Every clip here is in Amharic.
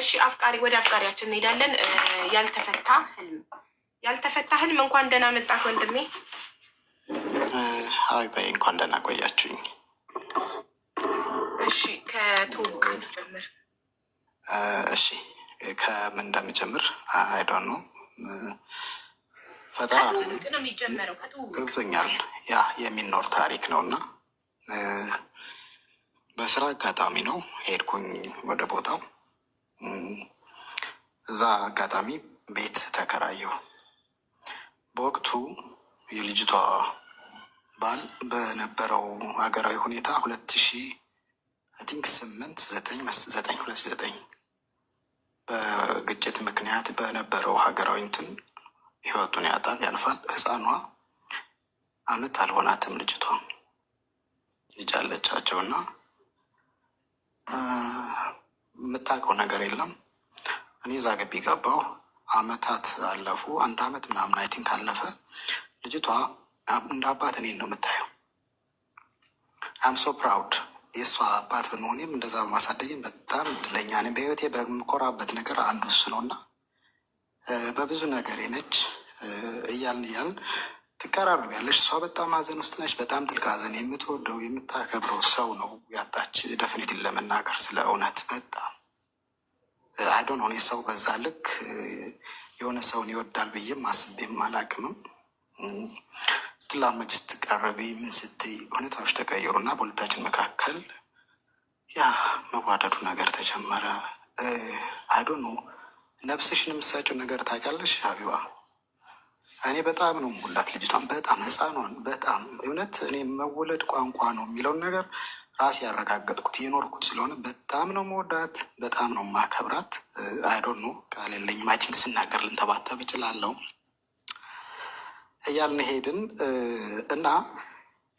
እሺ አፍቃሪ ወደ አፍቃሪያችን እንሄዳለን። ያልተፈታ ህልም ያልተፈታ ህልም። እንኳን ደህና መጣህ ወንድሜ። አይ በይ እንኳን ደህና ቆያችሁኝ። እሺ ከትውቅ ጀምር። እሺ ከምን እንደምጀምር አይዶን ነው ፈጠራ ነው የሚጀምረው። ገብቶኛል። ያ የሚኖር ታሪክ ነው እና በስራ አጋጣሚ ነው ሄድኩኝ ወደ ቦታው። እዛ አጋጣሚ ቤት ተከራየሁ። በወቅቱ የልጅቷ ባል በነበረው ሀገራዊ ሁኔታ ሁለት ሺ ቲንክ ስምንት ዘጠኝ ዘጠኝ ሁለት ዘጠኝ በግጭት ምክንያት በነበረው ሀገራዊ እንትን ህይወቱን ያጣል፣ ያልፋል። ህፃኗ አመት አልሆናትም ልጅቷ ልጅ አለቻቸው እና የምታውቀው ነገር የለም። እኔ እዛ ግቢ ገባሁ። አመታት አለፉ። አንድ አመት ምናምን አይቲንክ አለፈ። ልጅቷ እንደ አባት እኔን ነው የምታየው። አም ሶ ፕራውድ የእሷ አባት በመሆኔም እንደዛ በማሳደግም በጣም እድለኛ ነኝ። በህይወቴ በምኮራበት ነገር አንዱ እሱ ነው እና በብዙ ነገር ነች እያልን እያልን ትቀራረብ ያለች እሷ በጣም ሀዘን ውስጥ ነች። በጣም ጥልቅ ሀዘን የምትወደው የምታከብረው ሰው ነው ያ ሰዎች ደፍኒትን ለመናገር ስለ እውነት በጣም አይዶን ሆኔ ሰው በዛ ልክ የሆነ ሰውን ይወዳል ብዬም አስቤም አላቅምም። ስትላመጅ ስትቀርቢ ምን ስትይ ሁኔታዎች ተቀየሩና በሁለታችን መካከል ያ መዋደዱ ነገር ተጀመረ። አይዶን ነፍስሽን የምሳቸው ነገር ታውቂያለሽ ሀቢባ እኔ በጣም ነው ሙላት ልጅቷን በጣም ህፃኗን በጣም እውነት እኔ መወለድ ቋንቋ ነው የሚለውን ነገር ራሴ ያረጋገጥኩት የኖርኩት ስለሆነ በጣም ነው መወዳት፣ በጣም ነው ማከብራት። አይዶን ነው ቃል የለኝም። አይ ቲንክ ስናገር ልንተባተብ እችላለሁ እያልን ሄድን እና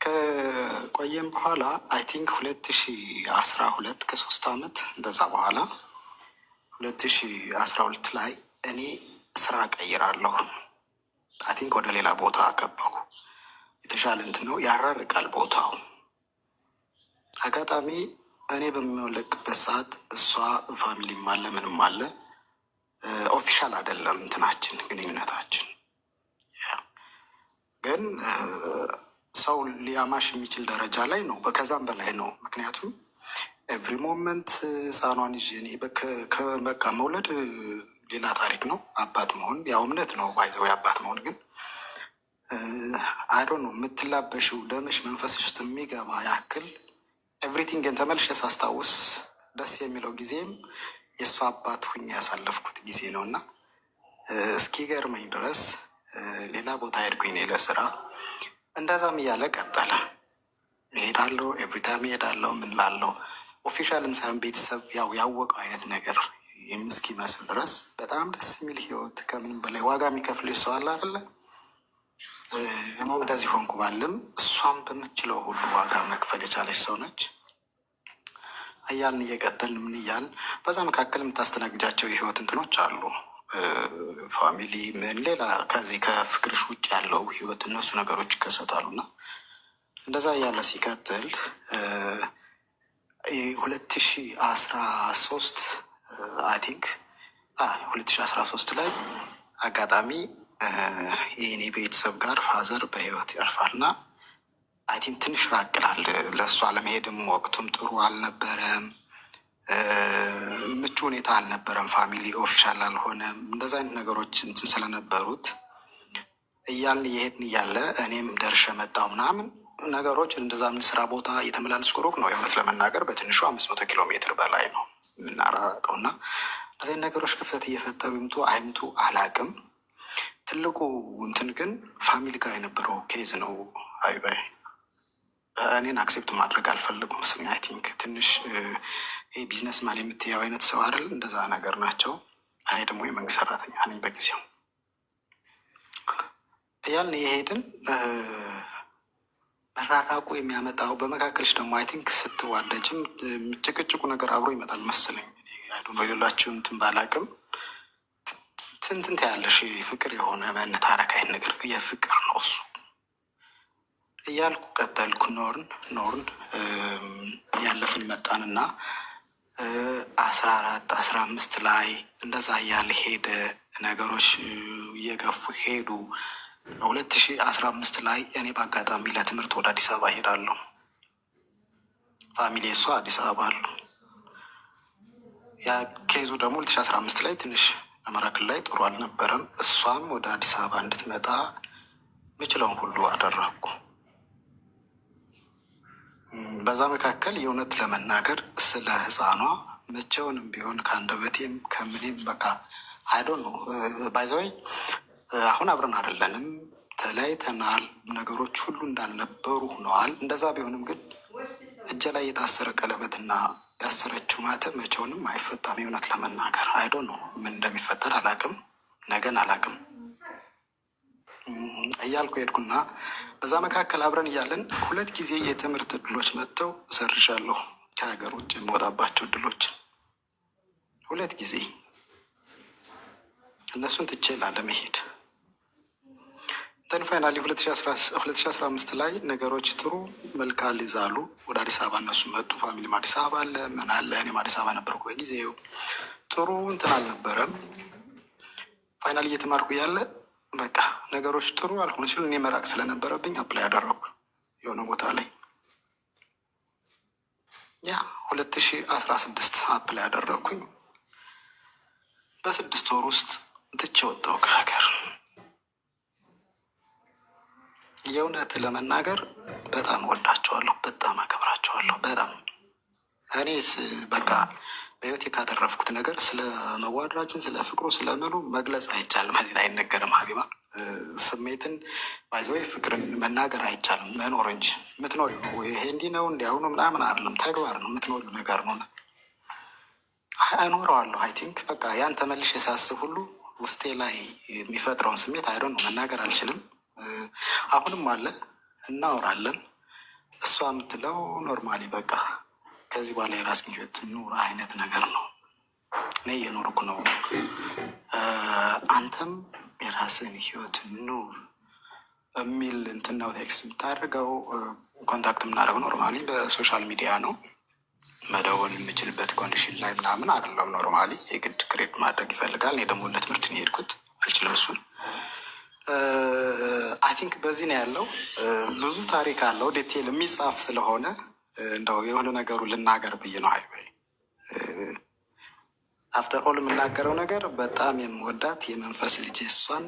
ከቆየም በኋላ አይ ቲንክ ሁለት ሺ አስራ ሁለት ከሶስት አመት እንደዛ በኋላ ሁለት ሺ አስራ ሁለት ላይ እኔ ስራ ቀይራለሁ። አይ ቲንክ ወደ ሌላ ቦታ ገባሁ። የተሻለ እንትን ነው ያራርቃል ቦታው አጋጣሚ እኔ በሚወለቅበት ሰዓት እሷ ፋሚሊም አለ ምንም አለ ኦፊሻል አይደለም እንትናችን ግንኙነታችን ግን ሰው ሊያማሽ የሚችል ደረጃ ላይ ነው። ከዛም በላይ ነው። ምክንያቱም ኤቭሪ ሞመንት ህፃኗን ይዤ እኔ በቃ መውለድ ሌላ ታሪክ ነው። አባት መሆን ያው እምነት ነው ባይዘው አባት መሆን ግን አይዶ ነው የምትላበሽው ደምሽ መንፈስሽ ውስጥ የሚገባ ያክል ኤቭሪቲንግን ተመልሼ ሳስታውስ ደስ የሚለው ጊዜም የእሱ አባት ሁኝ ያሳለፍኩት ጊዜ ነው እና እስኪገርመኝ ድረስ ሌላ ቦታ ሄድኩኝ እኔ ለስራ። እንደዛም እያለ ቀጠለ። እሄዳለሁ፣ ኤቭሪታይም እሄዳለሁ፣ ምን ላለው ኦፊሻልም ሳይሆን ቤተሰብ ያው ያወቀው አይነት ነገር እስኪመስል ድረስ በጣም ደስ የሚል ህይወት፣ ከምንም በላይ ዋጋ የሚከፍል ሰው አለ አይደለ? እንደዚህ ሆንኩ ባልም እሷም በምትችለው ሁሉ ዋጋ መክፈል የቻለች ሰው ነች። እያልን እየቀጠልን ምን እያልን በዛ መካከል የምታስተናግጃቸው የህይወት እንትኖች አሉ። ፋሚሊ ምን ሌላ ከዚህ ከፍቅርሽ ውጭ ያለው ህይወት እነሱ ነገሮች ይከሰታሉና እንደዛ እያለ ሲቀጥል ሁለት ሺ አስራ ሶስት አይ ቲንክ ሁለት ሺ አስራ ሶስት ላይ አጋጣሚ የኔ ቤተሰብ ጋር ፋዘር በህይወት ያርፋልና አይቲን ትንሽ ራቅላል። ለእሷ ለመሄድም ወቅቱም ጥሩ አልነበረም። ምቹ ሁኔታ አልነበረም። ፋሚሊ ኦፊሻል አልሆነም። እንደዛ አይነት ነገሮች እንትን ስለነበሩት እያልን እየሄድን እያለ እኔም ደርሸ መጣው ምናምን ነገሮች ምን ስራ ቦታ እየተመላለስ ሩቅ ነው የእውነት ለመናገር በትንሹ አምስት መቶ ኪሎ ሜትር በላይ ነው የምናራቀው እና እንደዚህ ነገሮች ክፍተት እየፈጠሩ ይምጡ አይምጡ አላቅም። ትልቁ እንትን ግን ፋሚሊ ጋር የነበረው ኬዝ ነው አይባይ እኔን አክሴፕት ማድረግ አልፈልጉም። ስኛ አይ ቲንክ ትንሽ ቢዝነስ ማል የምትያው አይነት ሰው አይደል? እንደዛ ነገር ናቸው። እኔ ደግሞ የመንግስት ሰራተኛ ነኝ በጊዜው እያልን የሄድን መራራቁ የሚያመጣው በመካከልሽ ደግሞ አይ ቲንክ ስትዋደጅም ጭቅጭቁ ነገር አብሮ ይመጣል መሰለኝ። ያዱ የሌላችሁ እንትን ባላቅም ትንትንት ያለሽ ፍቅር የሆነ መነታረክ አይነት ነገር የፍቅር ነው እሱ እያልኩ ቀጠልኩ። ኖርን ኖርን ያለፍን መጣንና አስራ አራት አስራ አምስት ላይ እንደዛ እያለ ሄደ። ነገሮች እየገፉ ሄዱ። ሁለት ሺ አስራ አምስት ላይ እኔ በአጋጣሚ ለትምህርት ወደ አዲስ አበባ ሄዳለሁ። ፋሚሊ እሷ አዲስ አበባ አሉ። ያ ኬዙ ደግሞ ሁለት ሺ አስራ አምስት ላይ ትንሽ አማራ ክልል ላይ ጥሩ አልነበረም። እሷም ወደ አዲስ አበባ እንድትመጣ ምችለውን ሁሉ አደረግኩ። በዛ መካከል የእውነት ለመናገር ስለ ህፃኗ መቼውንም ቢሆን ከአንደበቴም ከምኔም በቃ አይዶ ነው ባይዘወይ አሁን አብረን አይደለንም፣ ተለያይተናል። ነገሮች ሁሉ እንዳልነበሩ ሆነዋል። እንደዛ ቢሆንም ግን እጄ ላይ የታሰረ ቀለበትና ያሰረችው ማተ መቼውንም አይፈታም። የእውነት ለመናገር አይዶ ነው ምን እንደሚፈጠር አላቅም፣ ነገን አላቅም። እያልኩ ሄድኩና በዛ መካከል አብረን እያለን ሁለት ጊዜ የትምህርት እድሎች መጥተው ሰርሻለሁ። ከሀገር ውጭ የምወጣባቸው እድሎች ሁለት ጊዜ እነሱን ትቼ ላለመሄድ ተን ፋይናሊ 2015 ላይ ነገሮች ጥሩ መልካ ሊዛሉ ወደ አዲስ አበባ እነሱ መጡ። ፋሚሊም አዲስ አበባ አለ ምን አለ። እኔም አዲስ አበባ ነበርኩ በጊዜው። ጥሩ እንትን አልነበረም። ፋይናል እየተማርኩ ያለ በቃ ነገሮች ጥሩ አልሆኑ ሲሉ እኔ መራቅ ስለነበረብኝ አፕላይ ያደረኩ የሆነ ቦታ ላይ ያ ሁለት ሺ አስራ ስድስት አፕላይ ያደረኩኝ በስድስት ወር ውስጥ ትቼ ወጣሁ ከሀገር። የእውነት ለመናገር በጣም ወዳቸዋለሁ፣ በጣም አከብራቸዋለሁ። በጣም እኔስ በቃ በህይወቴ ካተረፍኩት ነገር ስለ መዋደዳችን፣ ስለ ፍቅሩ፣ ስለ ምኑ መግለጽ አይቻልም። እዚህ አይነገርም። ሀቢባ ስሜትን ባይዘወይ ፍቅርን መናገር አይቻልም። መኖር እንጂ የምትኖሪው ነው። ይሄ እንዲህ ነው እንዲያሁኑ ምናምን አይደለም። ተግባር ነው፣ የምትኖሪው ነገር ነው። አኖረዋለሁ አይ ቲንክ በቃ ያን ተመልሽ ሳስብ ሁሉ ውስጤ ላይ የሚፈጥረውን ስሜት አይደ ነው መናገር አልችልም። አሁንም አለ እናወራለን። እሷ የምትለው ኖርማሊ በቃ ከዚህ በኋላ የራስን ህይወት ኑር አይነት ነገር ነው። እኔ የኖርኩ ነው። አንተም የራስን ህይወት ኑር የሚል እንትናው ቴክስ የምታደርገው ኮንታክት የምናደርገው ኖርማሊ በሶሻል ሚዲያ ነው። መደወል የምችልበት ኮንዲሽን ላይ ምናምን አይደለም። ኖርማሊ የግድ ክሬድ ማድረግ ይፈልጋል። እኔ ደግሞ ለትምህርት ነው የሄድኩት፣ አልችልም እሱን። አይ ቲንክ በዚህ ነው ያለው። ብዙ ታሪክ አለው ዴቴል የሚጻፍ ስለሆነ እንደው የሆነ ነገሩ ልናገር ብዬ ነው። ሀይ አፍተር ኦል የምናገረው ነገር በጣም የምወዳት የመንፈስ ልጅ እሷን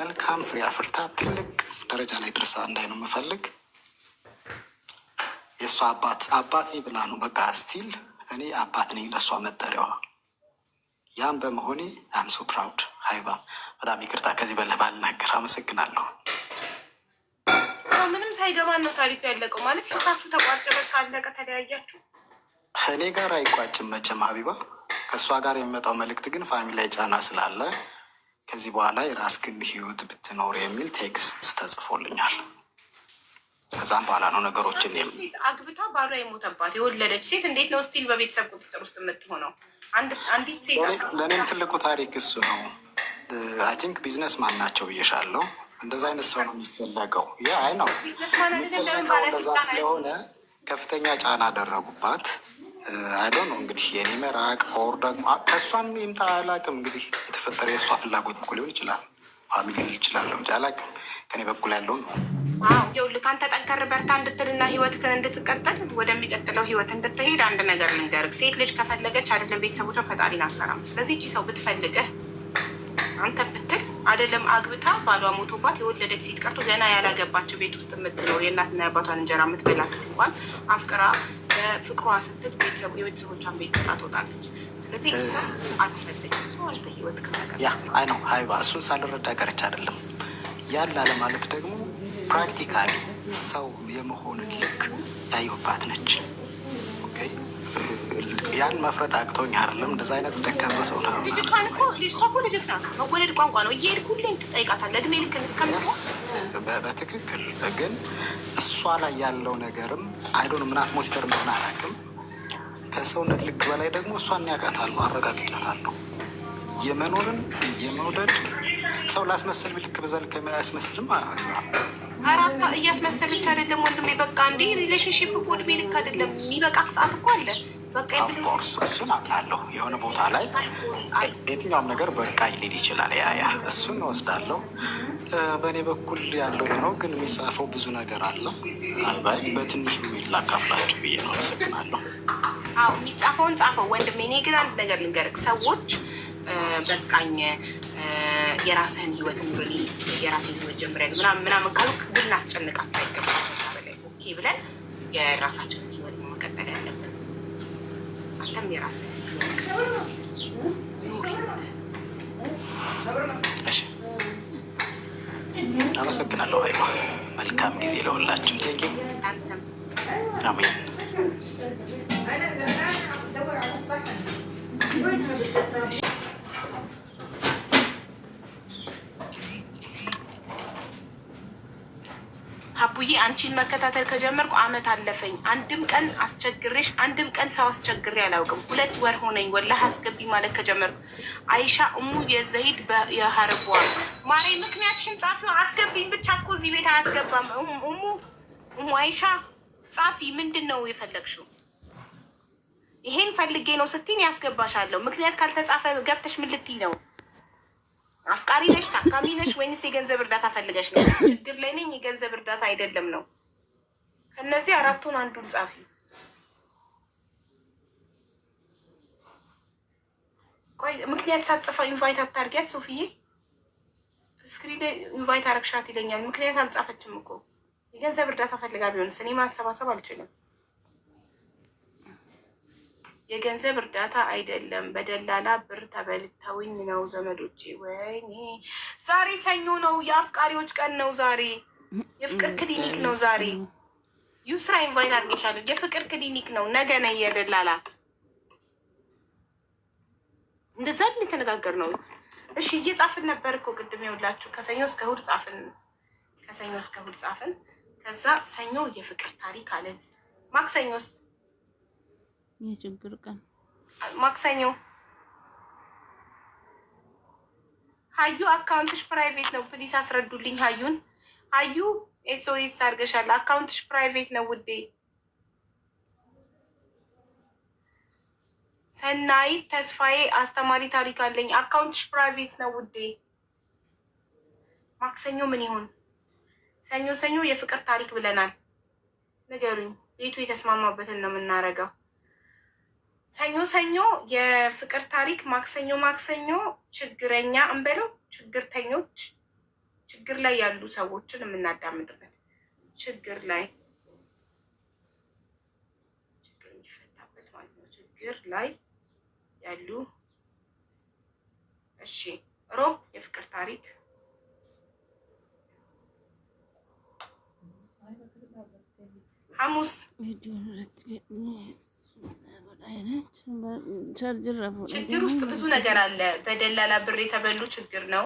መልካም ፍሬ አፍርታ ትልቅ ደረጃ ላይ ድርሳ እንዳይ ነው የምፈልግ። የእሷ አባት አባቴ ብላ ነው በቃ ስቲል እኔ አባት ነኝ ለእሷ መጠሪያዋ። ያም በመሆኔ አምሶ ፕራውድ ሀይባ፣ በጣም ይቅርታ ከዚህ በላይ ባልናገር። አመሰግናለሁ። ሳይገባን ነው ታሪኩ ያለቀው። ማለት ፍቅራችሁ ተቋጨ፣ በቃ አለቀ፣ ተለያያችሁ። እኔ ጋር አይቋጭም መቼም ሀቢባ። ከእሷ ጋር የሚመጣው መልእክት ግን ፋሚላይ ጫና ስላለ ከዚህ በኋላ የራስህን ህይወት ብትኖር የሚል ቴክስት ተጽፎልኛል። ከዛም በኋላ ነው ነገሮችን አግብታ ባሏ የሞተባት የወለደች ሴት እንዴት ነው ስቲል በቤተሰብ ቁጥጥር ውስጥ የምትሆነው? አንዲት ሴት ለእኔም ትልቁ ታሪክ እሱ ነው። አይ ቲንክ ቢዝነስ ማን ናቸው ብዬሻለሁ እንደዛ አይነት ሰው ነው የሚፈለገው። ያ አይ ነው የሚፈለገው። እንደዛ ስለሆነ ከፍተኛ ጫና አደረጉባት። አይ ነው እንግዲህ የኔ መራቅ ኦር ደግሞ ከእሷም ይምጣ አላቅም። እንግዲህ የተፈጠረ የእሷ ፍላጎት እኮ ሊሆን ይችላል፣ ፋሚሊ ይችላል እንጂ አላውቅም። ከኔ በኩል ያለውን ነው ይኸውልህ፣ ከአንተ ጠንከር በርታ እንድትልና ህይወትህን እንድትቀጥል ወደሚቀጥለው ህይወት እንድትሄድ አንድ ነገር ልንገርህ። ሴት ልጅ ከፈለገች አይደለም ቤተሰቦቿ ፈጣሪን አሰራም። ስለዚህ እቺ ሰው ብትፈልገህ አንተ አይደለም አግብታ ባሏ ሞቶባት የወለደች ሴት ቀርቶ ገና ያላገባቸው ቤት ውስጥ የምትለው የእናትና የአባቷን እንጀራ የምትበላ ሴት እንኳን አፍቅራ በፍቅሯ ስትል የቤተሰቦቿን ቤት ጥላ ትወጣለች። ስለዚህ ሰ አትፈልግም። ሰው አንተ ህይወት ያ አይ ነው ሀይባ እሱን ሳልረዳ ቀረች አይደለም ያለ አለማለት ደግሞ ፕራክቲካሊ ሰው የመሆንን ልክ ያየሁባት ነች። ያን መፍረድ አቅቶኝ አይደለም። እንደዛ አይነት ደካማ ሰው ነው። ልጅቷን እኮ ልጅቷ እኮ ልጅት ናት። መወለድ ቋንቋ ነው። እየሄድክ ሁሌም ትጠይቃታለህ። እድሜ ልክ እስከምስ በትክክል ግን እሷ ላይ ያለው ነገርም አይዶን ምን አትሞስፌር እንደሆነ አላውቅም። ከሰውነት ልክ በላይ ደግሞ እሷን ያውቃታለሁ፣ አረጋግጫታለሁ። የመኖርን የመውደድ ሰው ላስመስል ልክ በዛ ልክ አያስመስልም። አራታ እያስመሰለች አይደለም ወንድሜ። በቃ እንዲህ ሪሌሽንሽፕ እኮ እድሜ ልክ አይደለም። የሚበቃ ሰዓት እኮ አለ። ኦፍኮርስ እሱን አምናለሁ። የሆነ ቦታ ላይ የትኛውም ነገር በቃ ሊል ይችላል። ያ ያ እሱን እወስዳለሁ። በእኔ በኩል ያለው የሆነው ግን የሚጻፈው ብዙ ነገር አለው። አይ በትንሹ ላካፍላችሁ ብዬ ነው። አመሰግናለሁ። አዎ የሚጻፈውን ጻፈው ወንድሜ። እኔ ግን አንድ ነገር ልንገርህ፣ ሰዎች በቃኝ የራስህን ህይወት ኑርኒ የራስህን ህይወት ጀምሪያለሁ ምናምን ምናምን ካሉ ግን እናስጨንቃቸው አይገባም። ብለን የራሳችን አንተም የራስ አመሰግናለሁ። አይዋ መልካም ጊዜ ለሁላችሁ። አሜን። አንቺን መከታተል ከጀመርኩ አመት አለፈኝ። አንድም ቀን አስቸግሬሽ አንድም ቀን ሰው አስቸግሬ አላውቅም። ሁለት ወር ሆነኝ ወላሂ አስገቢ ማለት ከጀመርኩ። አይሻ እሙ የዘሂድ የሀርቧ ማሬ ምክንያትሽን ጻፊ። አስገቢኝ ብቻ እኮ እዚህ ቤት አያስገባም። እሙ እሙ አይሻ ጻፊ። ምንድን ነው የፈለግሽው? ይሄን ፈልጌ ነው ስትይኝ ያስገባሻለሁ። ምክንያት ካልተጻፈ ገብተሽ ምን ልትይ ነው? አፍቃሪ ነሽ፣ ታካሚ ነሽ ወይንስ የገንዘብ እርዳታ ፈልገሽ ነው? ችግር ላይ ነኝ፣ የገንዘብ እርዳታ አይደለም ነው። ከእነዚህ አራቱን አንዱን ጻፊ። ቆይ ምክንያት ሳትጽፋ ኢንቫይት አታርጊያት። ሶፍዬ ስክሪን ኢንቫይት አረግሻት ይለኛል። ምክንያት አልጻፈችም እኮ የገንዘብ እርዳታ ፈልጋ ቢሆንስ እኔ ማሰባሰብ አልችልም። የገንዘብ እርዳታ አይደለም። በደላላ ብር ተበልተውኝ ነው ዘመዶቼ። ወይኔ ዛሬ ሰኞ ነው፣ የአፍቃሪዎች ቀን ነው ዛሬ። የፍቅር ክሊኒክ ነው ዛሬ። ዩስራ ኢንቫይት አድርጌሻለሁ። የፍቅር ክሊኒክ ነው ነገ ነ የደላላ እንደዛ የተነጋገር ነው። እሺ እየጻፍን ነበር እኮ ቅድም። ይኸውላችሁ ከሰኞ እስከ እሑድ ጻፍን፣ ከሰኞ እስከ እሑድ ጻፍን። ከዛ ሰኞ የፍቅር ታሪክ አለን። ማክሰኞስ የችግር ቀን ማክሰኞ። ሀዩ አካውንትሽ ፕራይቬት ነው፣ ፕሊስ አስረዱልኝ። ሀዩን ሀዩ ኤስኦኤስ አድርገሻል። አካውንትሽ ፕራይቬት ነው ውዴ። ሰናይ ተስፋዬ አስተማሪ ታሪክ አለኝ። አካውንትሽ ፕራይቬት ነው ውዴ። ማክሰኞ ምን ይሆን ሰኞ ሰኞ የፍቅር ታሪክ ብለናል። ንገሩኝ። ቤቱ የተስማማበትን ነው የምናደርገው? ሰኞ ሰኞ የፍቅር ታሪክ፣ ማክሰኞ ማክሰኞ ችግረኛ እንበለው ችግርተኞች፣ ችግር ላይ ያሉ ሰዎችን የምናዳምጥበት ችግር ላይ ችግር የሚፈታበት ማለት ነው። ችግር ላይ ያሉ እሺ። ሮብ የፍቅር ታሪክ ሐሙስ ችግር ውስጥ ብዙ ነገር አለ። በደላላ ብር የተበሉ ችግር ነው።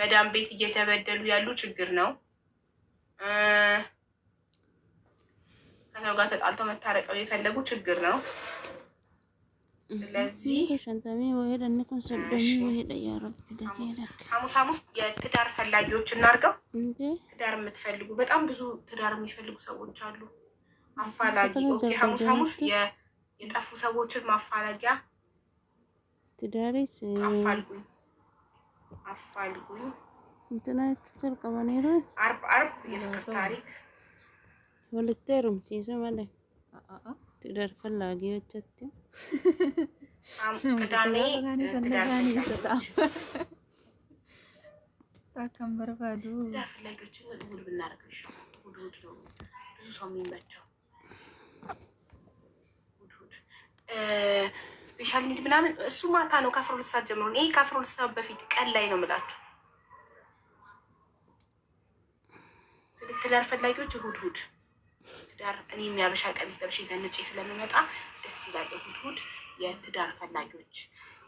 መዳም ቤት እየተበደሉ ያሉ ችግር ነው። ከሰው ጋር ተጣልተው መታረቀው የፈለጉ ችግር ነው። ስለዚህ ሐሙስ ሐሙስ የትዳር ፈላጊዎች እናድርገው። ትዳር የምትፈልጉ በጣም ብዙ ትዳር የሚፈልጉ ሰዎች አሉ። አፋላጊ ሐሙስ ሐሙስ የጠፉ ሰዎችን ማፋለጊያ ትዳሬስ አፋልጉኝ አፋልጉኝ እንትናችሁ አርብ አርብ የፍቅር ታሪክ ትዳር ቅዳሜ ብዙ ሰው የሚመቸው ስፔሻል ኒድ ምናምን እሱ ማታ ነው ከአስራ ሁለት ሰዓት ጀምሮ። ይሄ ከአስራ ሁለት ሰዓት በፊት ቀን ላይ ነው ምላችሁ ስለ ትዳር ፈላጊዎች እሁድ እሑድ ትዳር እኔ የሚያበሻ ቀሚስ ለብሼ ዘንጬ ስለምመጣ ደስ ይላል። እሑድ የትዳር ፈላጊዎች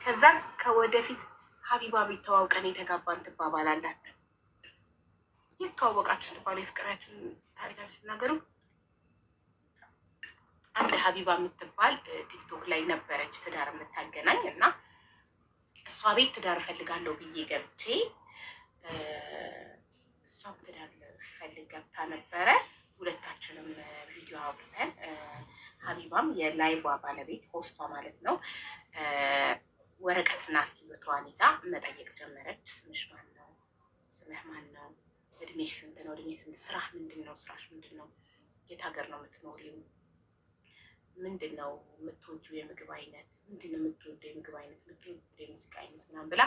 ከዛ ከወደፊት ሀቢባ ቤት ተዋውቀን የተጋባን ትባባላላችሁ። የተዋወቃችሁ ስትባሉ የፍቅራችሁን ታሪካችሁ ስናገሩ አንድ ሀቢባ የምትባል ቲክቶክ ላይ ነበረች ትዳር የምታገናኝ እና እሷ ቤት ትዳር እፈልጋለሁ ብዬ ገብቼ እሷም ትዳር ፈልግ ገብታ ነበረ። ሁለታችንም ቪዲዮ አውርተን ሀቢባም የላይቫ ባለቤት ሆስቷ ማለት ነው ወረቀትና እስክሪብቶዋን ይዛ መጠየቅ ጀመረች። ስምሽ ማን ነው? ስምህ ማን ነው? እድሜሽ ስንት ነው? እድሜ ስንት? ስራህ ምንድን ነው? ስራሽ ምንድን ነው? የት ሀገር ነው የምትኖሪው? ምንድን ነው የምትወጁ የምግብ አይነት? ምንድን ነው የምትወዱ የምግብ አይነት? የምትወዱ የሙዚቃ አይነት ምናምን ብላ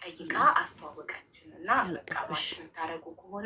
ጠይቃ አስተዋወቃችን እና በቃ ማሽ የምታደርጉ ከሆነ